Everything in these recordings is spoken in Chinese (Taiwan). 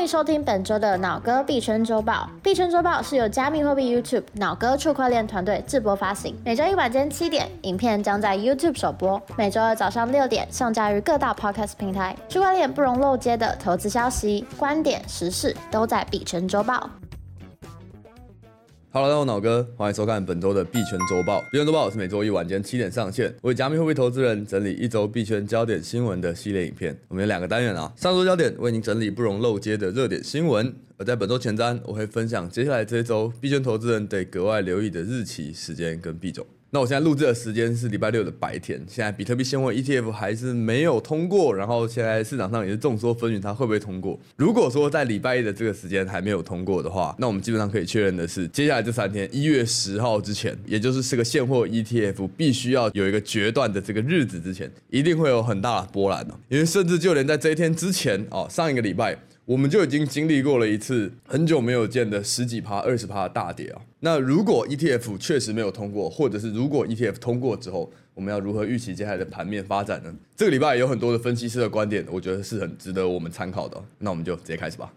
歡迎收聽本周的腦哥幣圈週報。幣圈週報是由加密貨幣 YouTube 腦哥區塊鏈團隊製播發行。每周一晚間七點，影片將在 YouTube 首播；每周二早上六點，上架於各大 Podcast 平台。區塊鏈不容漏接的投資消息、觀點、時事，都在幣圈週報。Hello，大家好，我是腦哥，歡迎收看本周的幣圈週報。幣圈週報是每周一晚間七點上線，為加密貨幣投資人整理一周幣圈焦點新聞的系列影片。我們有兩個單元啊，上周焦點為您整理不容漏接的熱點新聞，而在本周前瞻，我會分享接下來這一周幣圈投資人得格外留意的日期、時間跟幣種。那我現在錄製的時間是禮拜六的白天，現在比特幣現貨 ETF 還是沒有通過，然後現在市場上也是眾說紛紜，它會不會通過？如果說在禮拜一的這個時間還沒有通過的話，那我們基本上可以確認的是，接下來這三天，一月十號之前，也就是這個現貨 ETF 必須要有一個決斷的這個日子之前，一定會有很大的波瀾呢、哦，因為甚至就連在這一天之前，哦，上一個禮拜。我們就已經經歷過了一次很久沒有見的十幾趴、二十趴的大跌啊、哦。那如果 ETF 確實沒有通過，或者是如果 ETF 通過之後，我們要如何預期接下來的盤面發展呢？這個禮拜有很多的分析師的觀點，我覺得是很值得我們參考的、哦。那我們就直接開始吧。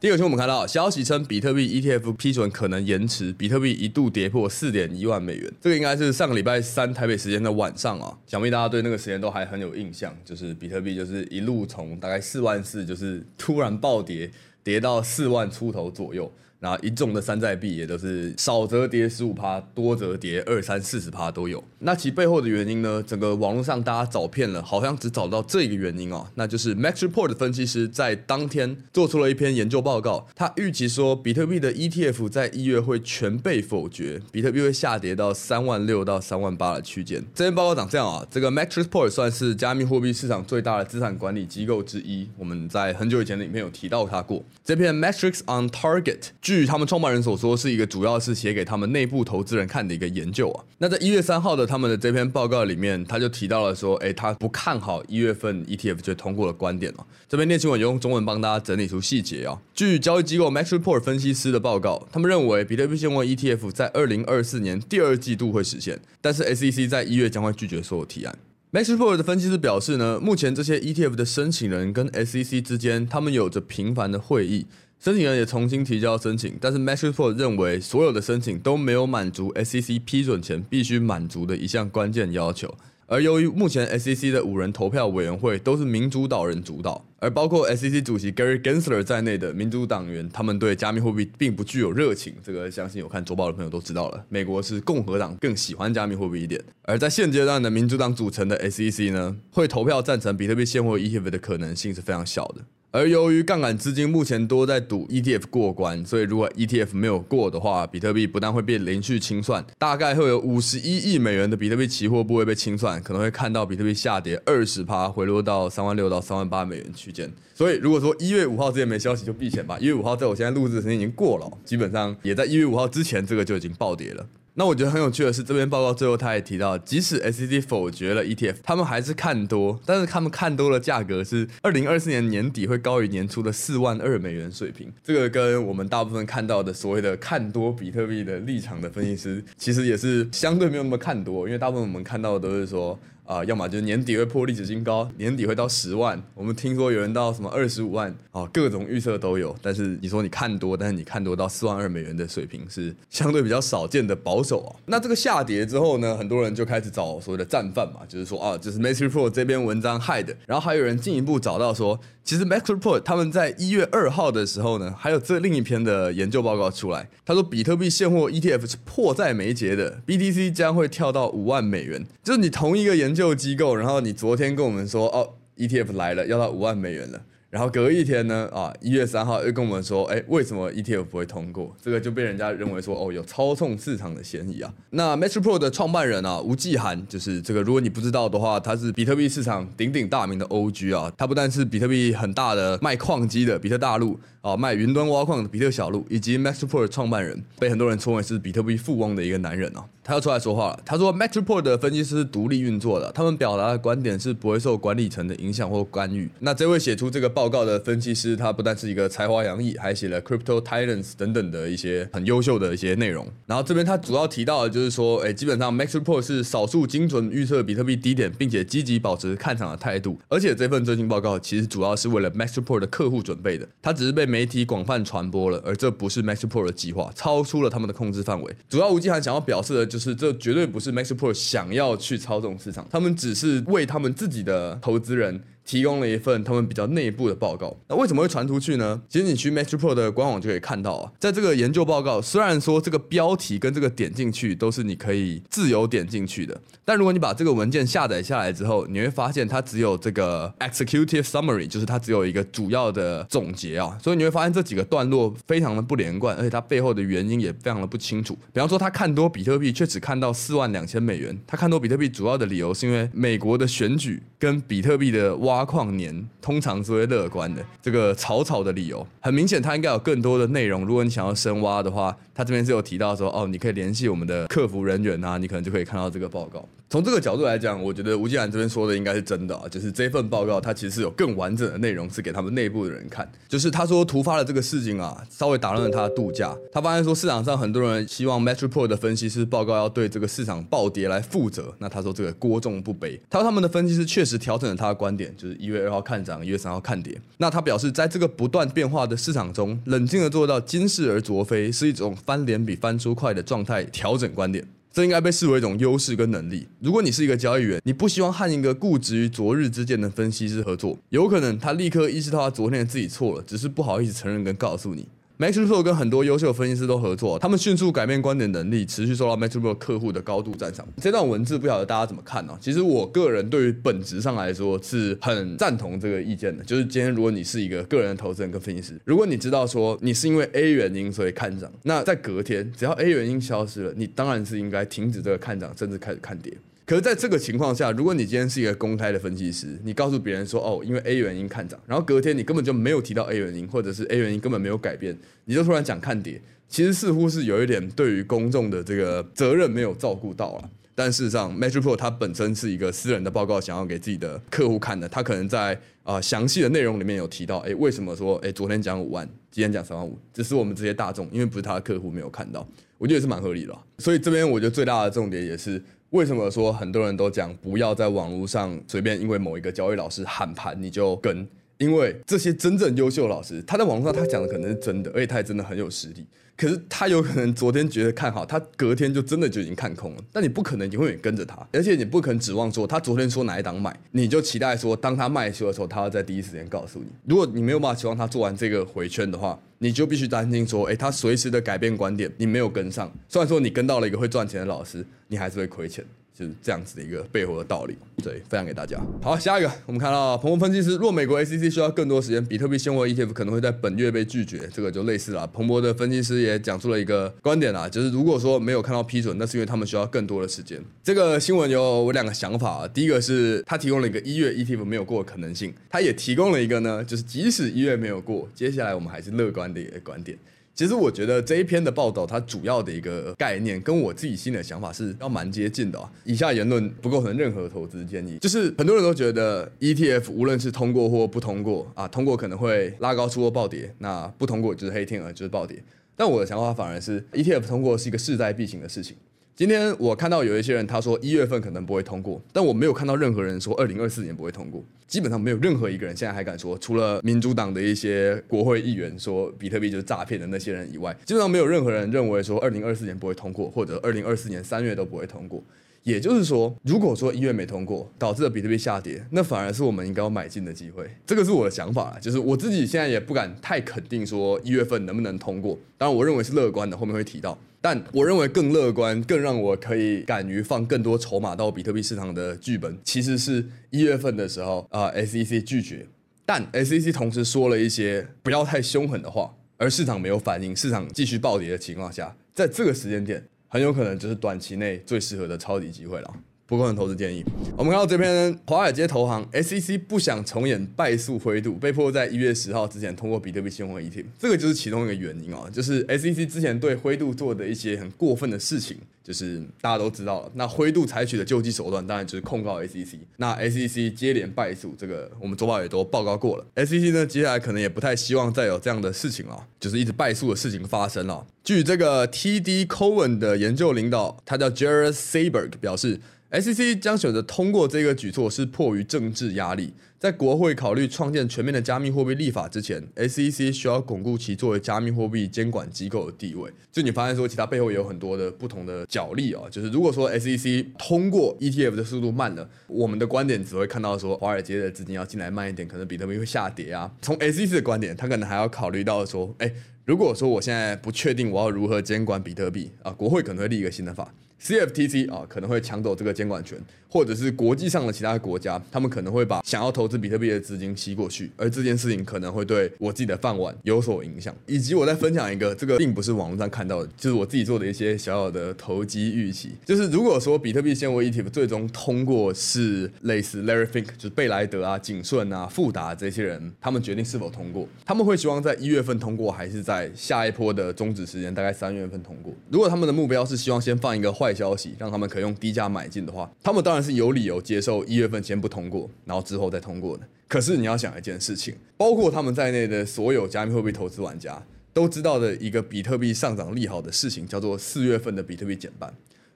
第二個，我們看到消息稱，比特幣 ETF 批准可能延遲，比特幣一度跌破四點一萬美元。這個應該是上個禮拜三台北時間的晚上啊，想必大家對那個時間都還很有印象，就是比特幣就是一路從大概四萬四，就是突然暴跌，跌到四萬出頭左右。那一眾的山寨幣也都是少則跌十五趴，多則跌二三四十趴都有。那其背後的原因呢？整個網絡上大家找遍了，好像只找到這一個原因啊，那就是 Matrixport 分析師在當天做出了一篇研究報告，他預期說比特幣的 ETF 在一月會全被否決，比特幣會下跌到三萬六到三萬八的區間。這篇報告長這樣啊，這個 Matrixport 算是加密貨幣市場最大的資產管理機構之一，我們在很久以前的影片裡面有提到它過。這篇 Matrix on Target。據他們創辦人所說，是一個主要是寫給他們內部投資人看的一個研究啊。那在一月三號的他們的這篇報告裡面，他就提到了說，哎，他不看好一月份 ETF 就通過的觀點了，啊。這邊鏈新聞用中文幫大家整理出細節啊。據交易機構 Max Report 分析師的報告，他們認為比特幣現貨 ETF 在二零二四年第二季度會實現，但是 SEC 在一月將會拒絕所有提案。Max Report 的分析師表示呢，目前這些 ETF 的申請人跟 SEC 之間，他們有着頻繁的會議。申請人也重新提交申請，但是 Matrixport 認為所有的申請都沒有滿足 SEC 批准前必須滿足的一項關鍵要求。而由於目前 SEC 的五人投票委員會都是民主黨人主導，而包括 SEC 主席 Gary Gensler 在內的民主黨員，他們對加密貨幣並不具有熱情。這個相信有看週報的朋友都知道了。美國是共和黨更喜歡加密貨幣一點，而在現階段的民主黨組成的 SEC 呢，會投票贊成比特幣現貨 ETF 的可能性是非常小的。而由於槓桿資金目前多在賭 ETF 過關，所以如果 ETF 沒有過的話，比特幣不但會被連續清算，大概會有五十一億美元的比特幣期貨部位被清算，可能會看到比特幣下跌二十趴，回落到三萬六到三萬八美元區間。所以如果說一月五號之前沒消息就避險吧。一月五號在我現在錄製的時間已經過了，基本上也在一月五號之前這個就已經暴跌了。那我覺得很有趣的是，這篇報告最後他也提到，即使 SEC 否決了 ETF，他們還是看多，但是他們看多的價格是二零二四年年底會高於年初的四萬二美元水平。這個跟我們大部分看到的所謂的看多比特幣的立場的分析師，其實也是相對沒有那麼看多，因為大部分我們看到的都是說。啊，要麼就年底會破歷史新高，年底會到十萬。我們聽說有人到什麼二十五萬啊，各種預測都有。但是你說你看多，但是你看多到四萬二美元的水平是相對比較少見的保守啊、哦。那這個下跌之後呢，很多人就開始找所謂的戰犯嘛，就是說啊，就是 Matrixport 這篇文章害的。然後還有人進一步找到說。其實 Matrixport 他們在一月二號的時候呢，還有這另一篇的研究報告出來，他說比特幣現貨 ETF 是迫在眉睫的，BTC 將會跳到五萬美元。就是你同一個研究機構，然後你昨天跟我們說哦，ETF 來了，要到五萬美元了。然後隔一天呢，啊，一月三號又跟我們說，哎，為什麼 ETF 不會通過？這個就被人家認為說，哦，有操縱市場的嫌疑啊。那 Matrixport 的創辦人啊，吳忌寒，就是這個，如果你不知道的話，他是比特幣市場鼎鼎大名的 OG 啊。他不但是比特幣很大的賣礦機的比特大陸啊，賣雲端挖礦的比特小鹿，以及 Matrixport 的創辦人，被很多人稱為是比特幣富翁的一個男人啊。他又出來說話了。他說，Matrixport 的分析師獨立運作的，他們表達的觀點是不會受管理層的影響或干預。那這位寫出這個報告的分析師，他不但是一個才華洋溢，還寫了 Crypto Titans 等等的一些很優秀的一些內容。然後這邊他主要提到的就是說，哎，基本上 Matrixport 是少數精準預測比特幣低點，並且積極保持看漲的態度。而且這份最新報告其實主要是為了 Matrixport 的客戶準備的，他只是被媒體廣泛傳播了，而這不是 Matrixport 的計劃，超出了他們的控制範圍。主要吳忌寒想要表示的。就是這絕對不是 Matrixport 想要去操縱市場，他們只是為他們自己的投資人。提供了一份他們比較內部的報告。那、啊、為什麼會傳出去呢？其實你去 Matrixport 的官網就可以看到啊。在這個研究報告，雖然說這個標題跟這個點進去都是你可以自由點進去的，但如果你把這個文件下載下來之後，你會發現它只有這個 executive summary，就是它只有一個主要的總結啊。所以你會發現這幾個段落非常的不連貫，而且它背後的原因也非常的不清楚。比方說他看多比特幣卻只看到四萬兩千美元，他看多比特幣主要的理由是因為美國的選舉跟比特幣的挖挖礦年通常是最樂觀的，這個草草的理由很明顯，它應該有更多的內容。如果你想要深挖的話。他這邊是有提到說哦，你可以聯繫我們的客服人員啊，你可能就可以看到這個報告。從這個角度來講，我覺得吳忌寒這邊說的應該是真的啊，就是這份報告它其實是有更完整的內容是給他們內部的人看。就是他說突發的這個事情啊，稍微打亂了他的度假。他發現說市場上很多人希望 Matrixport 的分析師報告要對這個市場暴跌來負責。那他說這個鍋重不背，他說他們的分析師確實調整了他的觀點，就是一月二號看漲，一月三號看跌。那他表示在這個不斷變化的市場中，冷靜的做到今是而昨非是一種。翻臉比翻書快的狀態調整觀點，這應該被視為一種優勢跟能力。如果你是一個交易員，你不希望和一個固執於昨日之見的分析師合作。有可能他立刻意識到他昨天的自己錯了，只是不好意思承認跟告訴你。Matrixport 跟很多優秀分析師都合作，他們迅速改變觀點能力，持續受到 Matrixport 客戶的高度讚賞。這段文字不曉得大家怎麼看哦？其實我個人對於本質上來說是很贊同這個意見的。就是今天，如果你是一個個人的投資人跟分析師，如果你知道說你是因為 A 原因所以看漲，那在隔天只要 A 原因消失了，你當然是應該停止這個看漲，甚至開始看跌。可是在這個情況下，如果你今天是一個公開的分析師，你告訴別人說哦，因為 A 原因看漲，然後隔天你根本就沒有提到 A 原因，或者是 A 原因根本沒有改變，你就突然講看跌，其實似乎是有一點對於公眾的這個責任沒有照顧到，但事實上 Matrixport 它本身是一個私人的報告，想要給自己的客戶看的，他可能在啊、呃、詳細的內容裡面有提到，哎，為什麼說哎昨天講五萬，今天講三萬五，只是我們這些大眾因為不是他的客戶沒有看到。我覺得也是蠻合理的喔，所以這邊我覺得最大的重點也是為什麼說很多人都講不要在網絡上隨便因為某一個交易老師喊盤你就跟。因為這些真正優秀老師，他在網絡上他講的可能是真的，而且他也真的很有實力。可是他有可能昨天覺得看好，他隔天就真的就已經看空了。但你不可能永遠跟着他，而且你不可能指望說他昨天說哪一檔買，你就期待說當他賣秀的時候，他會在第一時間告訴你。如果你沒有辦法希望他做完這個回圈的話，你就必須擔心說，哎，他隨時的改變觀點，你沒有跟上。雖然說你跟到了一個會賺錢的老師，你還是會虧錢。就是這樣子的一個背後的道理，所以分享給大家。好，下一個，我們看到彭博分析師若美國 SEC 需要更多時間，比特幣現貨 ETF 可能會在本月被拒絕，這個就類似了。彭博的分析師也講述了一個觀點啦，就是如果說沒有看到批准，那是因為他們需要更多的時間。這個新聞有我兩個想法啊，第一個是他提供了一個一月 ETF 沒有過的可能性，他也提供了一個呢，就是即使一月沒有過，接下來我們還是樂觀的一個觀點。其實我覺得這一篇的報道，它主要的一個概念跟我自己心裡的想法是要蠻接近的，哦。以下言論不構成任何投資建議，就是很多人都覺得 ETF 無論是通過或不通過啊，通過可能會拉高出貨、暴跌，那不通過就是黑天鵝，就是暴跌。但我的想法反而是 ETF 通過是一個勢在必行的事情。今天我看到有一些人他說一月份可能不會通過，但我沒有看到任何人說二零二四年不會通過，基本上沒有任何一個人現在還敢說，除了民主黨的一些國會議員說比特幣就是詐騙的那些人以外，基本上沒有任何人認為說二零二四年不會通過，或者二零二四年三月都不會通過。也就是說，如果說一月沒通過，導致了比特幣下跌，那反而是我們應該要買進的機會，這個是我的想法啊，就是我自己現在也不敢太肯定說一月份能不能通過，當然我認為是樂觀的，後面會提到。但我認為更樂觀、更讓我可以敢於放更多籌碼到比特幣市場的劇本，其實是一月份的時候啊，呃，SEC 拒絕，但 SEC 同時說了一些不要太凶狠的話，而市場沒有反應，市場繼續暴跌的情況下，在這個時間點，很有可能就是短期內最適合的抄底機會了。不構成投資建議。我們看到這篇《華爾街投行 SEC 不想重演敗訴灰度，被迫在一月十號之前通過比特幣相關議題》，這個就是其中一個原因啊、哦。就是 SEC 之前對灰度做的一些很過分的事情，就是大家都知道了。那灰度採取的救濟手段，當然就是控告 SEC。那 SEC 接連敗訴，這個我們周報也都報告過了。SEC 呢，接下來可能也不太希望再有這樣的事情啊，就是一直敗訴的事情發生了。據這個 TD Cowen 的研究領導，他叫 Jaret Seiberg，表示，SEC 將選擇通過這個舉措，是迫於政治壓力。在國會考慮創建全面的加密貨幣立法之前，SEC 需要鞏固其作為加密貨幣監管機構的地位。就你發現說，其他背後也有很多的不同的角力啊、哦。就是如果說 SEC 通過 ETF 的速度慢了，我們的觀點只會看到說，華爾街的資金要進來慢一點，可能比特幣會下跌啊。從 SEC 的觀點，他可能還要考慮到說，哎，如果說我現在不確定我要如何監管比特幣啊，國會可能會立一個新的法。CFTC 啊，可能會搶走這個監管權，或者是國際上的其他國家，他們可能會把想要投資比特幣的資金吸過去，而這件事情可能會對我自己的飯碗有所影響。以及我再分享一個這個並不是網絡上看到的，就是我自己做的一些小小的投機預期，就是如果說比特幣現貨 ETF 最終通過是類似 Larry Fink，就是貝萊德啊、景順啊、富達這些人，他們決定是否通過，他們會希望在一月份通過，還是在下一波的終止時間，大概三月份通過？如果他們的目標是希望先放一個壞。壞消息，讓他們可以用低價買進的話，他們當然是有理由接受一月份先不通過，然後之後再通過的。可是你要想一件事情，包括他們在內的所有加密貨幣投資玩家都知道的一個比特幣上漲利好的事情，叫做四月份的比特幣減半。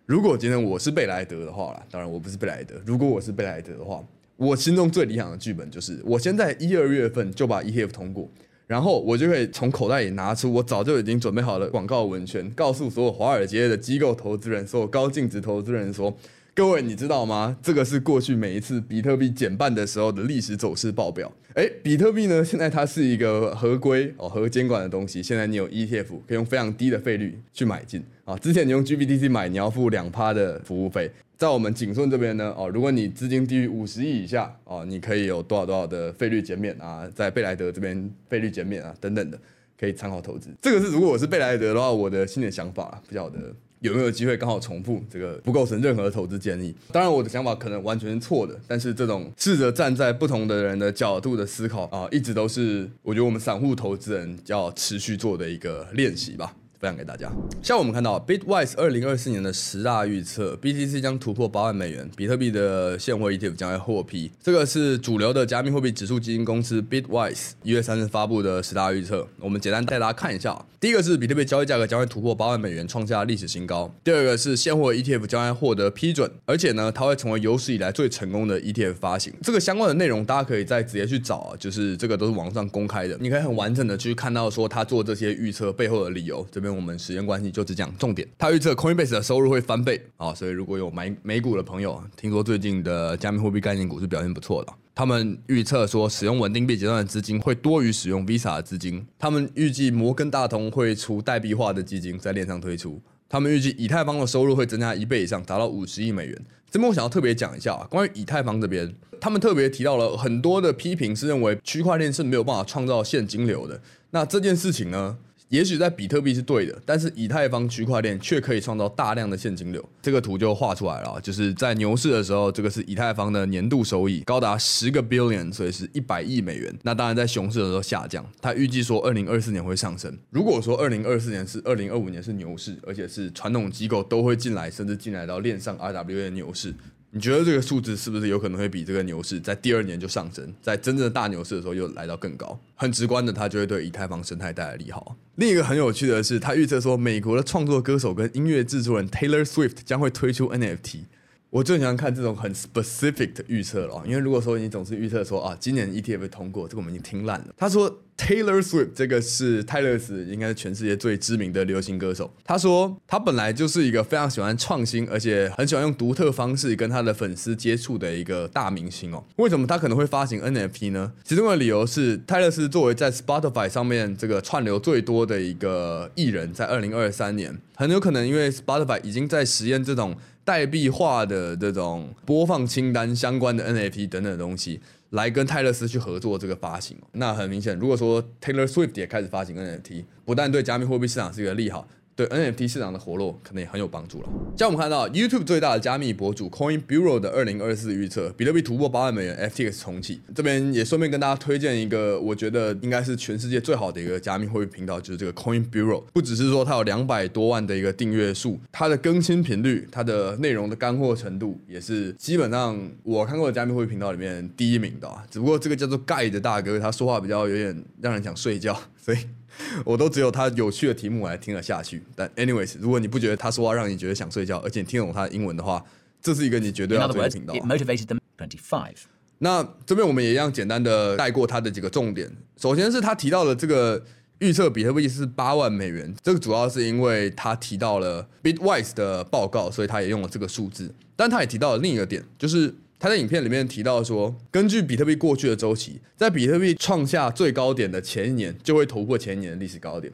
如果今天我是貝萊德的話啦，當然我不是貝萊德。如果我是貝萊德的話，我心中最理想的劇本就是，我現在一二月份就把 ETF 通過。然後我就可以從口袋裡拿出我早就已經準備好的廣告文宣，告訴所有華爾街的機構投資人、所有高淨值投資人說：“各位，你知道嗎？這個是過去每一次比特幣減半的時候的歷史走勢報表。哎，比特幣呢，現在它是一個合規哦合監管的東西。現在你有 ETF，可以用非常低的費率去買進啊、哦。之前你用 GBTC 買，你要付兩趴的服務費。”在我們景順這邊呢，哦，如果你資金低於五十億以下，哦，你可以有多少多少的費率減免啊，在貝萊德這邊費率減免啊等等的，可以參考投資。這個是如果我是貝萊德的話，我的新的想法，不曉得有沒有機會剛好重複這個，不構成任何投資建議。當然我的想法可能完全是錯的，但是這種試着站在不同的人的角度的思考啊、呃，一直都是我覺得我們散戶投資人要持續做的一個練習吧。分享給大家。像我們看到，Bitwise 二零二四年的十大預測，BTC 將突破八萬美元，比特幣的現貨 ETF 將會獲批。這個是主流的加密貨幣指數基金公司 Bitwise 一月三日發布的十大預測。我們簡單帶大家看一下。第一個是比特幣交易價格將會突破八萬美元，創下歷史新高。第二個是現貨 ETF 將會獲得批准，而且呢，它會成為有史以來最成功的 ETF 發行。這個相關的內容大家可以再直接去找啊，就是這個都是網上公開的，你可以很完整的去看到說它做這些預測背後的理由。這邊。我們時間關係就只講重點。他預測 Coinbase 的收入會翻倍啊，所以如果有買美股的朋友，聽說最近的加密貨幣概念股是表現不錯的。他們預測說，使用穩定幣結算的資金會多於使用 Visa 的資金。他們預計摩根大通會出代幣化的基金在鏈上推出。他們預計以太坊的收入會增加一倍以上，達到五十億美元。這邊我想要特別講一下啊，關於以太坊這邊，他們特別提到了很多的批評，是認為區塊鏈是沒有辦法創造現金流的。那這件事情呢？也許在比特幣是對的，但是以太坊區塊鏈卻可以創造大量的現金流。這個圖就畫出來了，就是在牛市的時候，這個是以太坊的年度收益，高達十個 billion，所以是一百億美元。那當然在熊市的時候下降，它預計說二零二四年會上升。如果說二零二四年是二零二五年是牛市，而且是傳統機構都會進來，甚至進來到鏈上 RWA 的牛市。你覺得這個數字是不是有可能會比這個牛市在第二年就上升，在真正的大牛市的時候又來到更高？很直觀的，它就會對以太坊生態帶來利好。另一個很有趣的是，他預測說，美國的創作歌手跟音樂製作人 Taylor Swift 將會推出 NFT。我最喜歡看這種很 specific 的預測了啊哦。因為如果說你總是預測說啊，今年 ETF 通過這個，我們已經聽爛了。他說 Taylor Swift 這個是泰勒斯，應該是全世界最知名的流行歌手。他說他本來就是一個非常喜歡創新，而且很喜歡用獨特方式跟他的粉絲接觸的一個大明星哦。為什麼他可能會發行 NFT 呢？其中的理由是泰勒斯作為在 Spotify 上面這個串流最多的一個藝人，在二零二三年很有可能因為 Spotify 已經在實驗這種。代幣化的這種播放清單相關的 NFT 等等的東西，來跟泰勒斯去合作這個發行。那很明顯，如果說 Taylor Swift 也開始發行 NFT，不但對加密貨幣市場是一個利好。對 NFT 市場的活絡可能也很有幫助了。像我們看到 YouTube 最大的加密博主 Coin Bureau 的二零二四預測，比特幣突破八萬美元，FTX 重啟。這邊也順便跟大家推薦一個，我覺得應該是全世界最好的一個加密貨幣頻道，就是這個 Coin Bureau。不只是說它有兩百多萬的一個訂閱數，它的更新頻率、它的內容的乾貨程度，也是基本上我看過的加密貨幣頻道裡面第一名的啊。只不過這個叫做 Guy 的大哥，他說話比較有點讓人想睡覺，所以。我都只有他有趣的題目來聽了下去。但，anyways，如果你不覺得他說話讓你覺得想睡覺，而且你聽懂他的英文的話，這是一個你絕對要追的頻道。In other words, motivated them twenty five。那這邊我們也一樣簡單的帶過他的幾個重點。首先是他提到了這個預測比特幣是八萬美元，這個主要是因為他提到了 Bitwise 的報告，所以他也用了這個數字。但他也提到了另一個點，就是。他在影片裡面提到說，根據比特幣過去的週期，在比特幣創下最高點的前一年，就會突破前一年的歷史高點。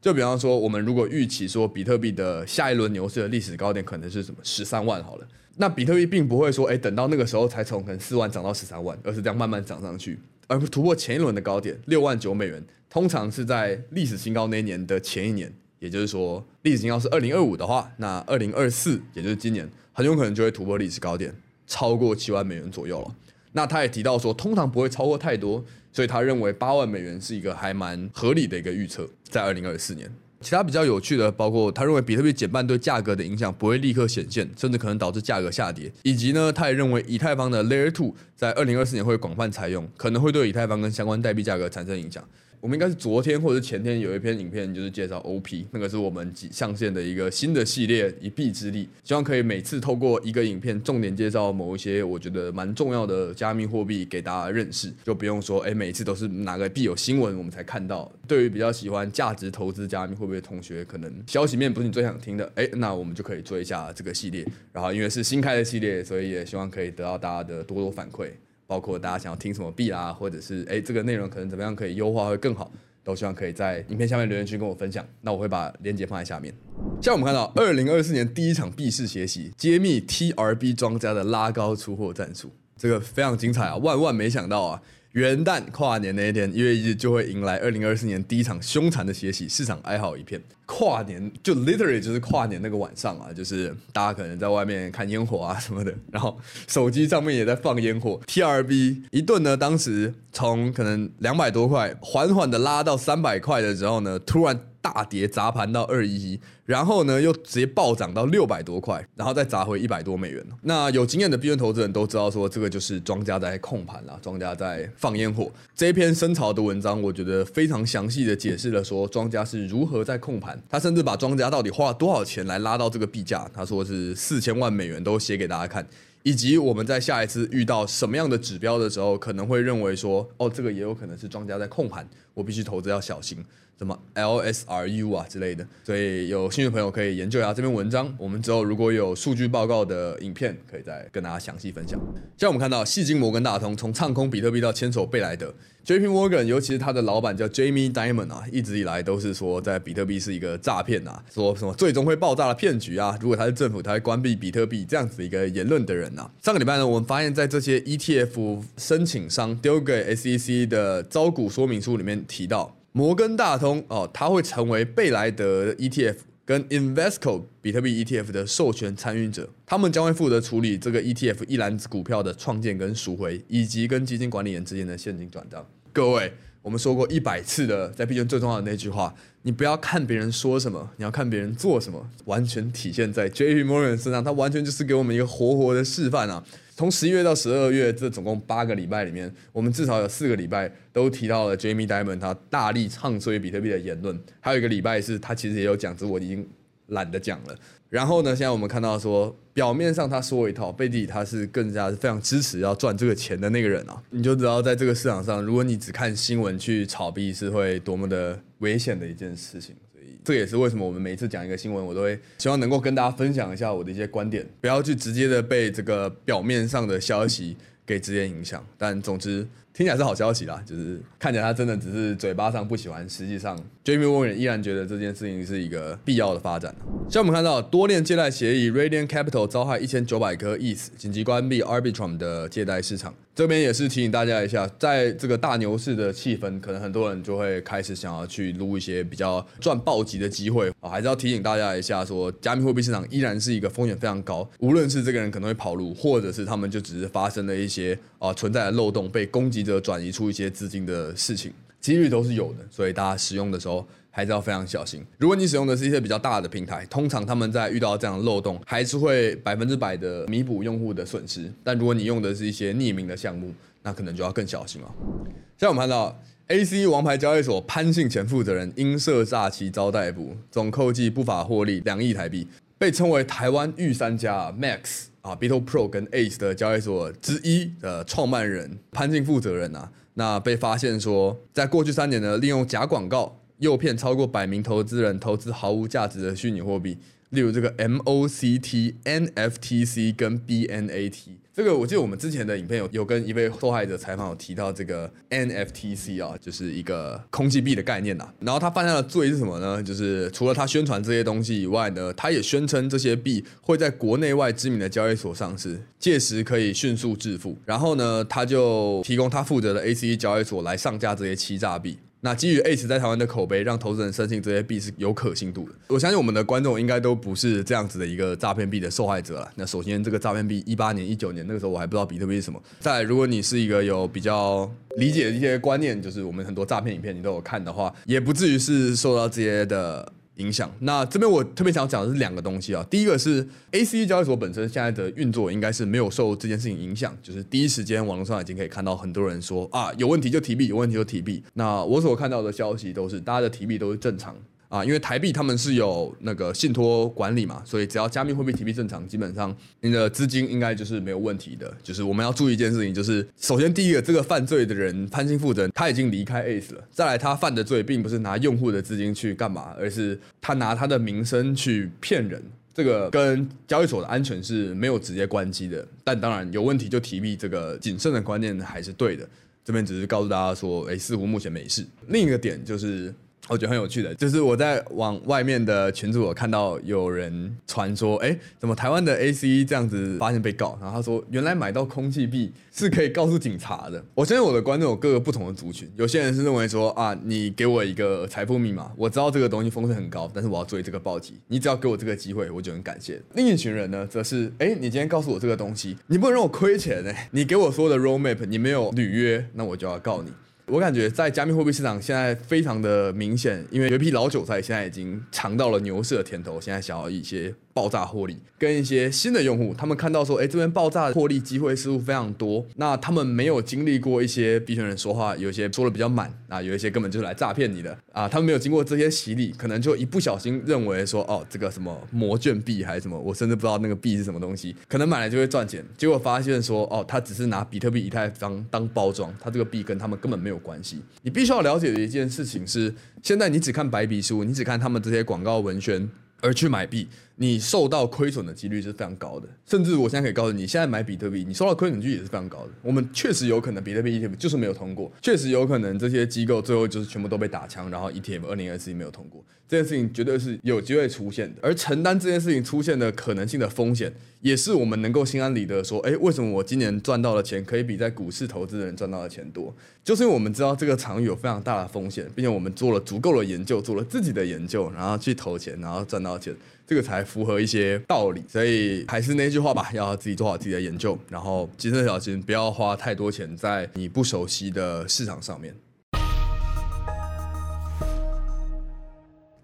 就比方說，我們如果預期說比特幣的下一輪牛市的歷史高點可能是什麼十三萬好了，那比特幣並不會說、欸，誒等到那個時候才從可能四萬漲到十三萬，而是這樣慢慢漲上去，而突破前一輪的高點六萬九美元。通常是在歷史新高那年的前一年，也就是說，歷史新高是二零二五的話，那二零二四，也就是今年，很有可能就會突破歷史高點。超過七萬美元左右了。那他也提到說，通常不會超過太多，所以他認為八萬美元是一個還蠻合理的一個預測，在二零二四年。其他比較有趣的包括，他認為比特幣減半對價格的影響不會立刻顯現，甚至可能導致價格下跌。以及呢，他也認為以太坊的 Layer Two 在二零二四年會廣泛採用，可能會對以太坊跟相關代幣價格產生影響。我們應該是昨天或者前天有一篇影片，就是介紹 OP，那個是我們上線的一個新的系列，一臂之力，希望可以每次透過一個影片，重點介紹某一些我覺得蠻重要的加密貨幣給大家認識，就不用說，誒每次都是哪個幣有新聞我們才看到。對於比較喜歡價值投資加密貨幣的同學，可能消息面不是你最想聽的，哎，那我們就可以做一下這個系列。然後因為是新開的系列，所以也希望可以得到大家的多多反饋。包括大家想要聽什麼幣啊，或者是哎、欸、這個內容可能怎麼樣可以優化會更好，都希望可以在影片下面留言區跟我分享。那我會把鏈接放在下面。現在我們看到二零二四年第一場幣市學習，揭秘 TRB 莊家的拉高出貨戰術。這個非常精彩啊！萬萬沒想到啊，元旦跨年那一天，一月一日就會迎來二零二四年第一場兇殘的血洗，市場哀嚎一片。跨年就 literally 就是跨年那個晚上啊，就是大家可能在外面看煙火啊什麼的，然後手機上面也在放煙火。TRB 一頓呢，當時從可能兩百多塊緩緩的拉到三百塊的時候呢，突然。大跌砸盤到二一一，然後呢又直接暴漲到六百多塊，然後再砸回一百多美元。那有經驗的幣圈投資人都知道，說這個就是莊家在控盤了，莊家在放煙火。這一篇深潮的文章，我覺得非常詳細的解釋了說莊家是如何在控盤，他甚至把莊家到底花了多少錢來拉到這個幣價，他說是四千萬美元都寫給大家看，以及我們在下一次遇到什麼樣的指標的時候，可能會認為說，哦，這個也有可能是莊家在控盤，我必須投資要小心。什麼 L S R U 啊之類的，所以有興趣朋友可以研究一下這篇文章。我們之後如果有數據報告的影片，可以再跟大家詳細分享。像我們看到，戲精摩根大通從唱空比特幣到牽手貝萊德，JPMorgan，尤其是他的老板叫 Jamie Dimon a 啊，一直以來都是說在比特幣是一個詐騙啊，說什麼最終會爆炸的騙局啊，如果他是政府，他會關閉比特幣這樣子一個言論的人吶、啊。上個禮拜呢，我們發現，在這些 ETF 申請商丟給 SEC 的招股說明書裡面提到。摩根大通哦，它會成為貝萊德 ETF 跟 Invesco 比特幣 ETF 的授權參與者，他們將會負責處理這個 ETF 一籃子股票的創建跟贖回，以及跟基金管理人之間的現金轉賬。各位，我們說過一百次的，在幣圈最重要的那句話，你不要看別人說什麼，你要看別人做什麼。完全體現在 J.P. Morgan 身上，他完全就是給我們一個活活的示範啊！從十一月到十二月，這總共八個禮拜裡面，我們至少有四個禮拜都提到了 Jamie Dimon 他大力唱衰比特幣的言論。還有一個禮拜是他其實也有講，只是我已經懶得講了。然後呢，現在我們看到說，表面上他說一套，背地裡他是更加是非常支持要賺這個錢的那個人啊。你就知道在這個市場上，如果你只看新聞去炒幣，是會多麼的危險的一件事情。這也是為什麼我們每次講一個新聞，我都會希望能夠跟大家分享一下我的一些觀點，不要去直接的被這個表面上的消息給直接影響。但總之。聽起來是好消息啦，就是看起來他真的只是嘴巴上不喜歡，實際上 Jamie Wong 依然覺得這件事情是一個必要的發展。像我們看到多鏈借貸協議 Radiant Capital 遭駭一千九百顆 ETH，緊急關閉 Arbitrum 的借貸市場。這邊也是提醒大家一下，在這個大牛市的氣氛，可能很多人就會開始想要去擼一些比較賺暴擊的機會啊，還是要提醒大家一下說，說加密貨幣市場依然是一個風險非常高，無論是這個人可能會跑路，或者是他們就只是發生了一些啊存在的漏洞被攻擊。者轉移出一些資金的事情，幾率都是有的，所以大家使用的時候還是要非常小心。如果你使用的是一些比較大的平台，通常他們在遇到這樣的漏洞，還是會百分之百的彌補用戶的損失。但如果你用的是一些匿名的項目，那可能就要更小心了，哦。現在我們看到，ACE 王牌交易所潘姓前負責人因涉詐欺遭逮捕，總扣計不法獲利兩億台幣，被稱為台灣“御三家 MAX”。啊，BitoPro 跟 Ace 的交易所之一的創辦人潘靜負責人吶、啊，那被發現說，在過去三年呢，利用假廣告誘騙超過百名投資人投資毫無價值的虛擬貨幣，例如這個 M O C T N F T C 跟 B N A T。這個我記得我們之前的影片有有跟一位受害者採訪，有提到這個 NFTC 啊、哦，就是一個空氣幣的概念吶、啊。然後他犯下的罪是什麼呢？就是除了他宣傳這些東西以外呢，他也宣稱這些幣會在國內外知名的交易所上市，屆時可以迅速致富。然後呢，他就提供他負責的 ACE 交易所來上架這些欺詐幣。那基於 A 池在台灣的口碑，讓投資人相信這些幣是有可信度的。我相信我們的觀眾應該都不是這樣子的一個詐騙幣的受害者了。那首先，這個詐騙幣一八年、一九年那個時候，我還不知道比特幣是什麼。再，如果你是一個有比較理解的一些觀念，就是我們很多詐騙影片你都有看的話，也不至於是受到這些的。影響。那這邊我特別想講的是兩個東西啊，第一個是 ACE 交易所本身現在的運作應該是沒有受這件事情影響，就是第一時間網絡上已經可以看到很多人說，啊有問題就提幣，有問題就提幣。那我所看到的消息都是大家的提幣都是正常。啊，因為台幣他們是有那個信託管理嘛，所以只要加密貨幣提幣正常，基本上你的資金應該就是沒有問題的。就是我們要注意一件事情，就是首先第一個，這個犯罪的人潘金富負責人他已經離開 ACE 了，再來他犯的罪並不是拿用戶的資金去幹嘛，而是他拿他的名聲去騙人。這個跟交易所的安全是沒有直接關係的，但當然有問題就提幣，這個謹慎的觀念還是對的。這邊只是告訴大家說，哎、欸，似乎目前沒事。另一個點就是。我覺得很有趣的，就是我在往外面的群組我看到有人傳說，哎、欸，怎麼台灣的 ACE 這樣子發現被告？然後他說，原來買到空氣幣是可以告訴警察的。我相信我的觀眾有各個不同的族群，有些人是認為說啊，你給我一個財富密碼，我知道這個東西風險很高，但是我要追這個暴擊，你只要給我這個機會，我就很感謝。另一群人呢，則是，哎、欸，你今天告訴我這個東西，你不能讓我虧錢哎、欸，你給我說的 roadmap 你沒有履約，那我就要告你。我感覺在加密貨幣市場現在非常的明顯，因為有一批老韭菜現在已經嘗到了牛市的甜頭，現在想要一些。爆炸獲利跟一些新的用戶，他們看到說，哎，這邊爆炸的獲利機會似乎非常多。那他們沒有經歷過一些幣圈人說話，有些說得比較滿啊，有一些根本就是來詐騙你的啊。他們沒有經過這些洗禮，可能就一不小心認為說，哦，這個什麼魔卷幣還是什麼，我甚至不知道那個幣是什麼東西，可能買來就會賺錢。結果發現說，哦，他只是拿比特幣、以太當當包裝，他這個幣跟他們根本沒有關係。你必須要了解的一件事情是，現在你只看白皮書，你只看他們這些廣告文宣而去買幣。你受到虧損的幾率是非常高的，甚至我現在可以告訴你，現在買比特幣，你受到虧損幾率也是非常高的。我們確實有可能比特幣 ETF 就是沒有通過，確實有可能這些機構最後就是全部都被打槍，然後 ETF 二零二四沒有通過，這件事情絕對是有機會出現的。而承擔這件事情出現的可能性的風險，也是我們能夠心安理得說，哎，為什麼我今年賺到的錢可以比在股市投資人賺到的錢多？就是因為我們知道這個場域有非常大的風險，並且我們做了足夠的研究，做了自己的研究，然後去投錢，然後賺到錢。這個才符合一些道理，所以還是那句話吧，要自己做好自己的研究，然後謹慎小心，不要花太多錢在你不熟悉的市場上面。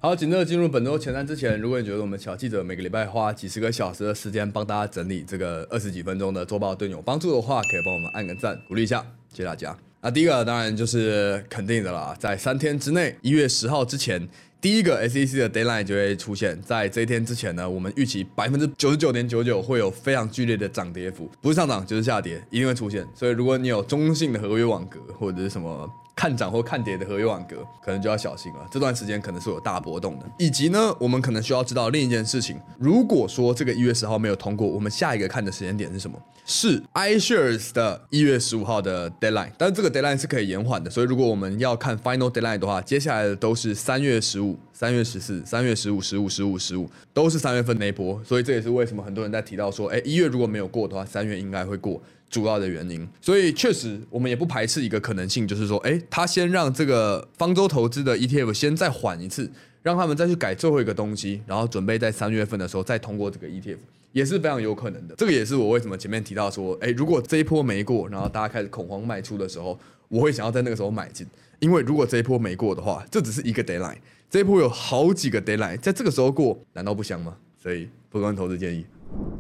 好，緊接着進入本周前瞻之前，如果你覺得我們小記者每個禮拜花幾十個小時的時間幫大家整理這個二十幾分鐘的周報對你有幫助的話，可以幫我們按個讚鼓勵一下，謝謝大家。啊，第一個當然就是肯定的啦，在三天之內，一月十號之前，第一個 SEC 的 deadline 就會出現在這一天之前呢。我們預期百分之九十九點九九會有非常劇烈的漲跌幅，不是上漲就是下跌，一定會出現。所以，如果你有中性的合約網格或者是什麼。看漲或看跌的合約網格，可能就要小心了。這段時間可能是有大波動的。以及呢，我們可能需要知道另一件事情：如果說這個一月十號沒有通過，我們下一個看的時間點是什麼？是 IShares 的一月十五號的 deadline。但是這個 deadline 是可以延緩的，所以如果我們要看 final deadline 的話，接下來的都是三月十五。三月十四、三月十五、十五、十五、十五，都是三月份那一波，所以這也是為什麼很多人在提到說，誒、欸，一月如果沒有過的話，三月應該會過，主要的原因。所以確實，我們也不排斥一個可能性，就是說，誒、欸，他先讓這個方舟投資的 ETF 先再緩一次，讓他們再去改最後一個東西，然後準備在三月份的時候再通過這個 ETF，也是非常有可能的。這個也是我為什麼前面提到說，誒、欸，如果這一波沒過，然後大家開始恐慌賣出的時候，我會想要在那個時候買進，因為如果這一波沒過的話，這只是一個 deadline。這一波有好幾個 deadline 在這個時候過，難道不香嗎？所以不光投資建議。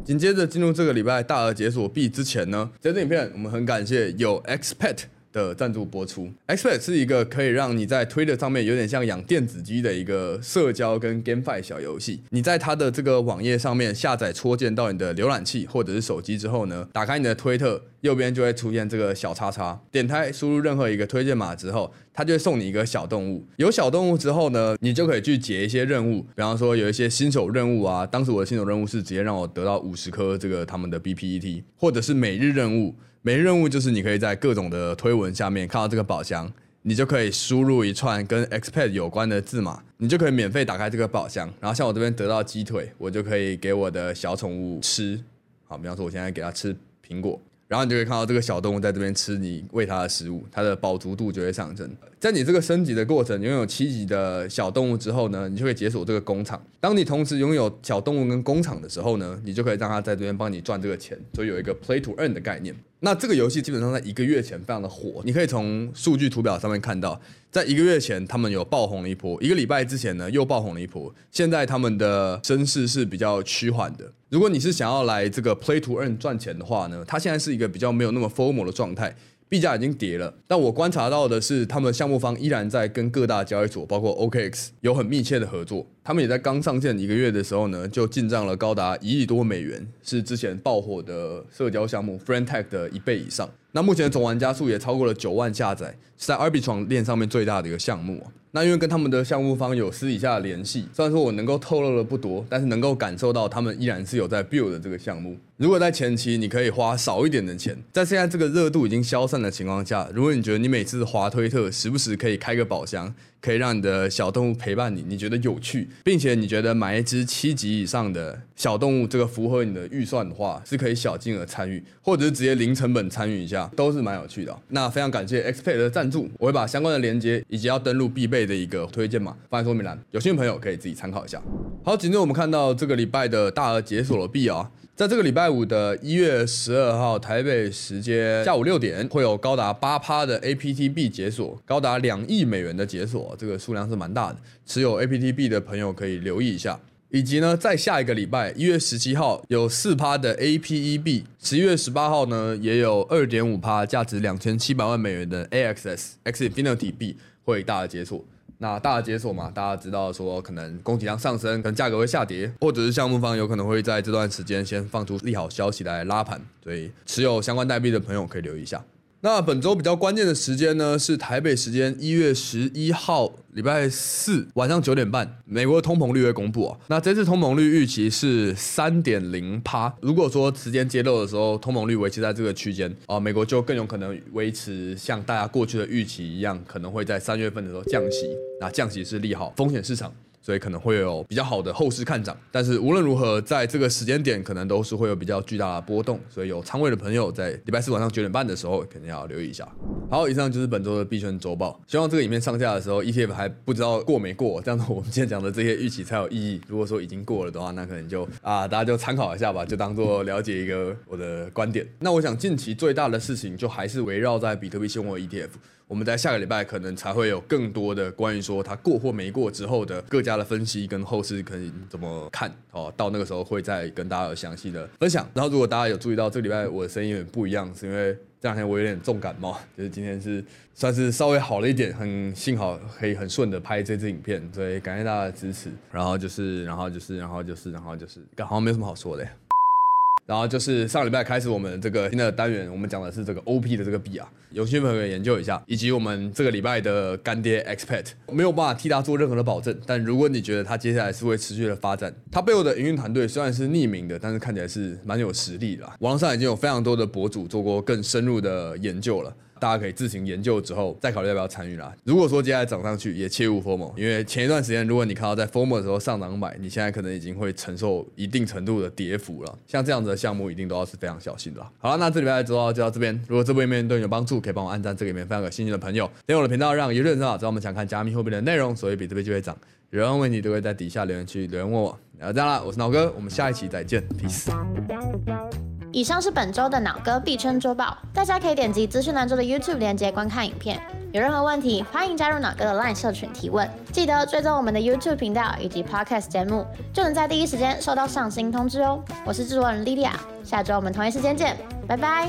緊接着進入這個禮拜大額解鎖 B 之前呢，在這影片我們很感謝有 Xpet。的贊助播出，Xpet 是一個可以讓你在推特上面有點像養電子雞的一個社交跟 GameFi 小遊戲。你在它的這個網頁上面下載插件到你的瀏覽器或者是手機之後呢，打開你的推特，右邊就會出現這個小叉叉，點開輸入任何一個推薦碼之後，它就會送你一個小動物。有小動物之後呢，你就可以去解一些任務，比方說有一些新手任務啊。當時我的新手任務是直接讓我得到五十顆這個他們的 BPET，或者是每日任務。每日任務就是你可以在各種的推文下面看到這個寶箱，你就可以輸入一串跟 Xpet 有關的字碼，你就可以免費打開這個寶箱。然後像我這邊得到雞腿，我就可以給我的小寵物吃。好，比方說我現在給它吃蘋果，然後你就可以看到這個小動物在這邊吃你餵它的食物，它的飽足度就會上升。在你這個升級的過程，擁有七級的小動物之後呢，你就可以解鎖這個工廠。當你同時擁有小動物跟工廠的時候呢，你就可以讓它在這邊幫你賺這個錢，所以有一個 play to earn 的概念。那這個遊戲基本上在一個月前非常的火，你可以從數據圖表上面看到，在一個月前他們有爆紅了一波，一個禮拜之前呢又爆紅了一波，現在他們的聲勢是比較趨緩的。如果你是想要來這個 play to earn 賺錢的話呢，它現在是一個比較沒有那麼 formal 的狀態。幣價已經跌了，但我觀察到的是，他們項目方依然在跟各大交易所，包括 OKX 有很密切的合作。他們也在剛上線一個月的時候呢，就進賬了高達一億多美元，是之前爆火的社交項目 FriendTech 的一倍以上。那目前的總玩家數也超過了九萬下載，是在 Arbitrum 鏈上面最大的一個項目啊。那因為跟他們的項目方有私底下的聯繫，雖然說我能夠透露的不多，但是能夠感受到他們依然是有在 build 的這個項目。如果在前期你可以花少一點的錢，在現在這個熱度已經消散的情況下，如果你覺得你每次滑推特時不時可以開個寶箱。可以讓你的小動物陪伴你，你覺得有趣，並且你覺得買一隻七級以上的小動物，這個符合你的預算的話，是可以小金額參與，或者是直接零成本參與一下，都是蠻有趣的、哦。那非常感謝 Xpet 的贊助，我會把相關的連接以及要登錄必備的一個推薦碼放在說明欄，有興趣的朋友可以自己參考一下。好，緊接著我們看到這個禮拜的大額解鎖了幣啊、哦。在這個禮拜五的一月十二號台北時間下午六點，會有高達八趴的 APT B 解鎖，高達兩億美元的解鎖，這個數量是蠻大的。持有 APT B 的朋友可以留意一下。以及呢，在下一個禮拜一月十七號有四趴的 APE B，十一月十八號呢也有二點五趴，價值兩千七百萬美元的 AXS Xfinity B 會大的解鎖。那大家解鎖嘛，大家知道說可能供給量上升，可能價格會下跌，或者是項目方有可能會在這段時間先放出利好消息來拉盤，所以持有相關代幣的朋友可以留意一下。那本週比較關鍵的時間呢，是台北時間一月十一號禮拜四晚上九點半，美國的通膨率會公布啊。那這次通膨率預期是三點零趴。如果說時間揭露的時候，通膨率維持在這個區間啊，美國就更有可能維持像大家過去的預期一樣，可能會在三月份的時候降息。那降息是利好風險市場。所以可能會有比較好的後市看漲，但是無論如何，在這個時間點可能都是會有比較巨大的波動，所以有倉位的朋友在禮拜四晚上九點半的時候肯定要留意一下。好，以上就是本周的幣圈週報，希望這個影片上架的時候 ETF 還不知道過沒過，這樣子我們今天講的這些預期才有意義。如果說已經過了的話，那可能就啊，大家就參考一下吧，就當做了解一個我的觀點。那我想近期最大的事情就還是圍繞在比特幣現貨 ETF。我們在下個禮拜可能才會有更多的關於說它過或沒過之後的各家的分析跟後市可以怎麼看哦，到那個時候會再跟大家有詳細的分享。然後如果大家有注意到這個禮拜我的聲音有點不一樣，是因為這兩天我有點重感冒，就是今天是算是稍微好了一點，很幸好可以很順的拍這支影片，所以感謝大家的支持。然後就是，然後就是，然後就是，然後就是，剛好像沒什麼好說的。然後就是上個禮拜開始，我們這個新的單元，我們講的是這個 OP 的這個幣啊，有興趣朋友們研究一下。以及我們這個禮拜的乾爹 Xpet，沒有辦法替他做任何的保證，但如果你覺得他接下來是會持續的發展，他背後的營運團隊雖然是匿名的，但是看起來是蠻有實力的。網上已經有非常多的博主做過更深入的研究了。大家可以自行研究之後再考慮要不要參與啦。如果說接下來漲上去，也切勿 FOMO，因為前一段時間如果你看到在 FOMO 的時候上漲買，你現在可能已經會承受一定程度的跌幅了。像這樣子的項目一定都要是非常小心的。好了，那這禮拜的直播就到這邊。如果這部影片對你有幫助，可以幫我按讚，這裡面分享給有興趣的朋友。訂閱我的頻道，讓有志者知道我們想看加密貨幣的內容，所以比特幣就會漲。有任何問題都會在底下留言區留言問我。然後這樣啦，我是腦哥，我們下一期再見，Peace。以上是本周的腦哥幣圈週報，大家可以點擊資訊欄中的 YouTube 連結觀看影片。有任何問題，歡迎加入腦哥的 LINE 社群提問。記得追蹤我們的 YouTube 頻道以及 Podcast 節目，就能在第一時間收到上新通知哦。我是製作人莉莉亞，下周我們同一時間見，拜拜。